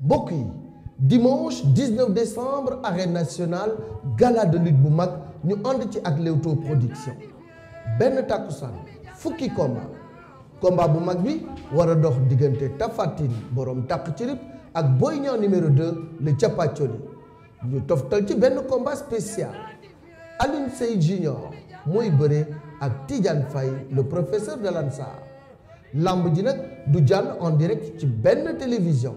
bokk yi dimanche 19 décembre arène national gala de lutte bu mag ñu ànd ci ak Leewtoo production benn takkusaan fukki combat combat bu mag bi war dox diggante Tapha Tine borom takk ci ak Boy Niang numéro 2 le capacoli ñu toftal ci benn combat spécial Alioune Seye Junior mooy bëre ak Tidiane fay le professeur de l'Ansar lamb ji nag du jàll en direct ci benn télévision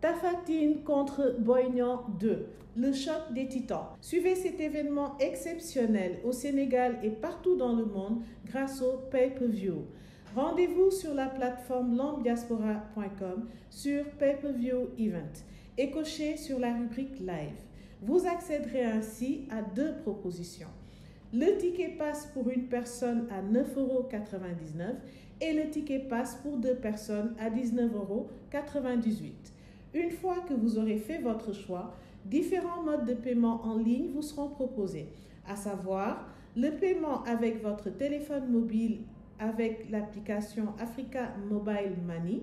Tafatine contre Boignan 2, le choc des titans. Suivez cet événement exceptionnel au Sénégal et partout dans le monde grâce au pay-per-view. Rendez-vous sur la plateforme lambdiaspora.com sur pay-per-view event et cochez sur la rubrique live. Vous accéderez ainsi à deux propositions. Le ticket passe pour une personne à 9,99 euros et le ticket passe pour deux personnes à 19,98 euros. Une fois que vous aurez fait votre choix, différents modes de paiement en ligne vous seront proposés, à savoir le paiement avec votre téléphone mobile avec l'application Africa Mobile Money,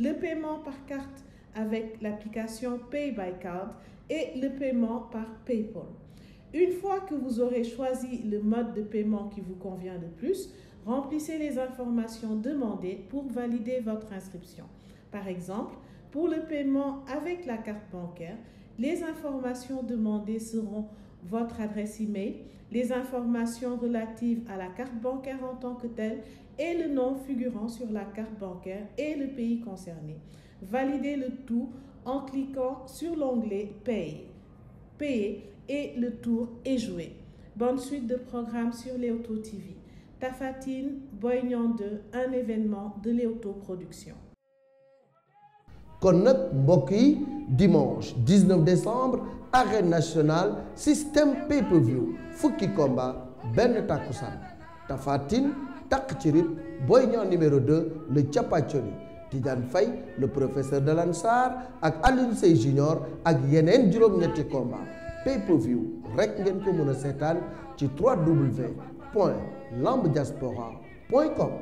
le paiement par carte avec l'application Pay by Card et le paiement par PayPal. Une fois que vous aurez choisi le mode de paiement qui vous convient de plus, remplissez les informations demandées pour valider votre inscription. Par exemple, Pour le paiement avec la carte bancaire, les informations demandées seront votre adresse email, les informations relatives à la carte bancaire en tant que telle et le nom figurant sur la carte bancaire et le pays concerné. Validez le tout en cliquant sur l'onglet Payer. Payer et le tour est joué. Bonne suite de programmes sur Léoto TV. Tafatine, Boignan 2, un événement de Léoto Production. kon nag mbokk yi dimanche 19 décembre arène nationale système pay-per-view fukki combat benn takkusaan Tapha Tine takk ci rit Boy Niang numéro 2 le Thiapathioli Tidiane Faye le professeur de Lansar ak Alioune Seye Junior ak yeneen juróom-ñetti combat pay-per-view ngeen ko mën a seetaan ci 3W point lambdiaspora point com